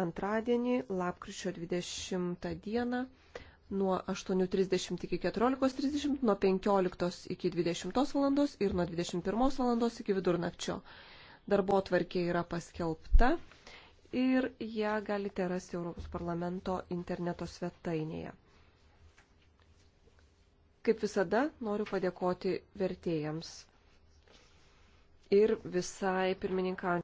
antradienį, lapkričio 20 dieną, nuo 8.30 iki 14.30, nuo 15 iki 20 val. ir nuo 21 val. iki vidurnakčio. Darbo tvarkė yra paskelbta ir ją galite rasti Europos parlamento interneto svetainėje. Kaip visada, noriu padėkoti vertėjams ir visai pirmininkant.